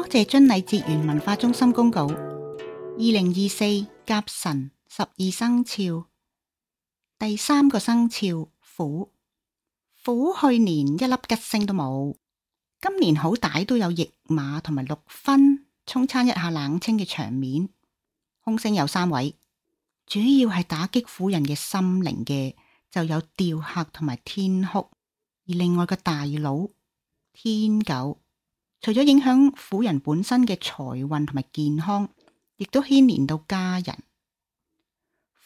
多謝尊禮節園文化中心公告，二零二四甲辰十二生肖第三個生肖虎，虎去年一粒吉星都冇，今年好歹都有驛馬同埋祿勳，沖餐一下冷清嘅場面。凶星有三位，主要係打擊虎人嘅心靈嘅，就有吊客同埋天哭，而另外個大佬天狗。除咗影響虎人本身嘅財運同埋健康，亦都牽連到家人。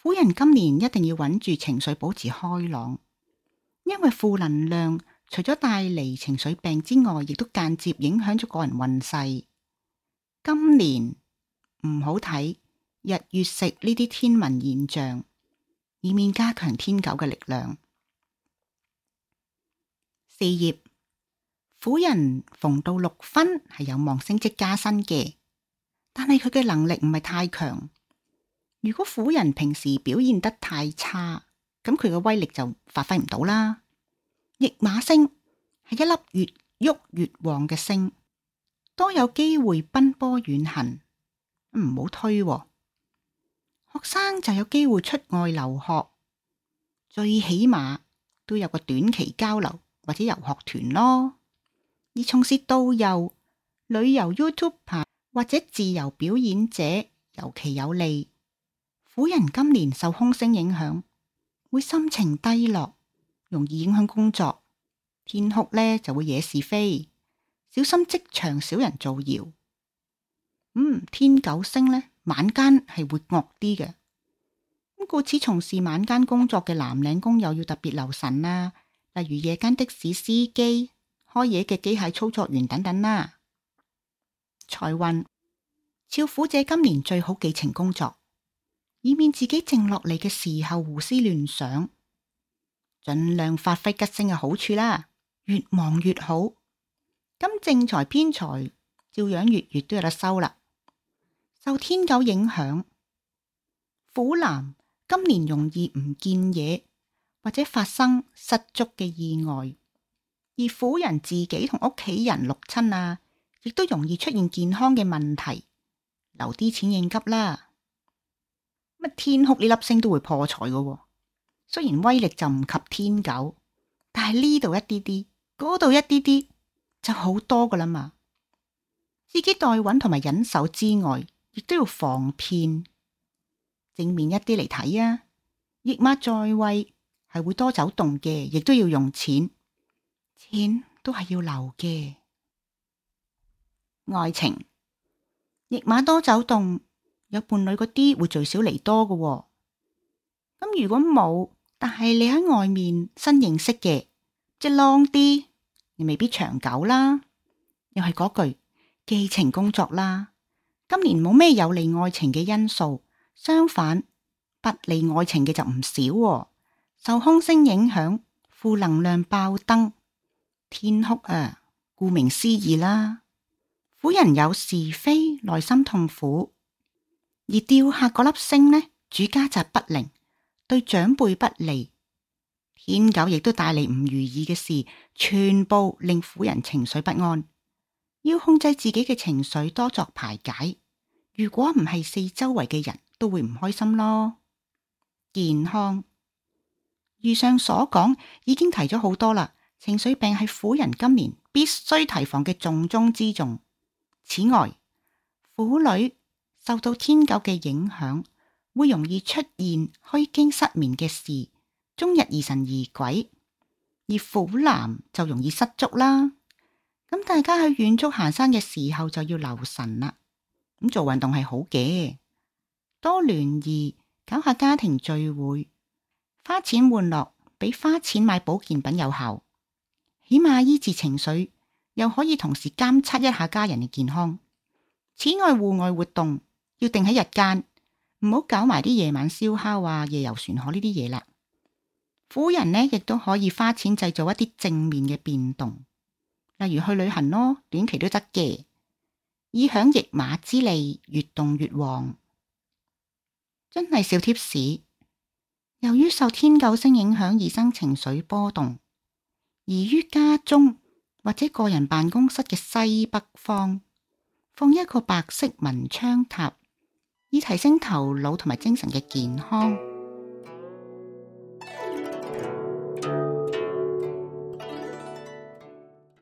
虎人今年一定要穩住情緒，保持開朗，因為負能量除咗帶嚟情緒病之外，亦都間接影響咗個人運勢。今年唔好睇日月食呢啲天文現象，以免加強天狗嘅力量。事業。虎人逢到祿勳係有望升職加薪嘅，但係佢嘅能力唔係太強。如果虎人平時表現得太差，咁佢嘅威力就發揮唔到啦。驛馬星係一粒越郁越旺嘅星，多有機會奔波遠行，唔好推、啊。學生就有機會出外留學，最起碼都有個短期交流或者遊學團咯。而從事導遊、旅遊 YouTuber 或者自由表演者尤其有利。婦人今年受空星影響，會心情低落，容易影響工作。天哭咧就會惹是非，小心職場小人造謠。嗯，天狗星呢，晚間係會惡啲嘅。故此，從事晚間工作嘅藍領工友要特別留神啦、啊。例如夜間的士司機。開嘢嘅機械操作員等等啦、啊，財運，肖虎者今年最好寄情工作，以免自己靜落嚟嘅時候胡思亂想，盡量發揮吉星嘅好處啦，越忙越好。咁正財偏財，照樣月月都有得收啦。受天狗影響，虎男今年容易唔見嘢，或者發生失足嘅意外。而婦人自己同屋企人六親啊，亦都容易出現健康嘅問題，留啲錢應急啦。乜天哭呢粒星都會破財噶、啊，雖然威力就唔及天狗，但係呢度一啲啲，嗰度一啲啲就好多噶啦嘛。自己代揾同埋忍手之外，亦都要防騙。正面一啲嚟睇啊，驛馬在位係會多走動嘅，亦都要用錢。錢都係要留嘅，愛情，驛馬多走動，有伴侶嗰啲會聚少離多嘅、哦。咁如果冇，但係你喺外面新認識嘅，即浪啲，你未必長久啦。又係嗰句，寄情工作啦。今年冇咩有，有利愛情嘅因素，相反不利愛情嘅就唔少、哦。受空聲影響，負能量爆燈。天哭啊，顧名思義啦。婦人有是非，內心痛苦；而吊客嗰粒星呢，主家宅不寧，對長輩不利。天狗亦都帶嚟唔如意嘅事，全部令婦人情緒不安。要控制自己嘅情緒，多作排解。如果唔係，四周圍嘅人都會唔開心咯。健康，如上所講，已經提咗好多啦。情緒病係虎人今年必須提防嘅重中之重。此外，虎女受到天狗嘅影響，會容易出現虛驚失眠嘅事，終日疑神疑鬼；而虎男就容易失足啦。咁大家喺遠足行山嘅時候就要留神啦。咁做運動係好嘅，多聯誼，搞下家庭聚會，花錢玩樂比花錢買保健品有效。起碼醫治情緒，又可以同時監測一下家人嘅健康。此外，戶外活動要定喺日間，唔好搞埋啲夜晚燒烤啊、夜遊船河呢啲嘢啦。婦人呢亦都可以花錢製造一啲正面嘅變動，例如去旅行咯，短期都得嘅。以享驛馬之利，越動越旺，真係小貼士。由於受天狗星影響易生情緒波動。而於家中或者個人辦公室嘅西北方放一個白色文昌塔，以提升頭腦同埋精神嘅健康。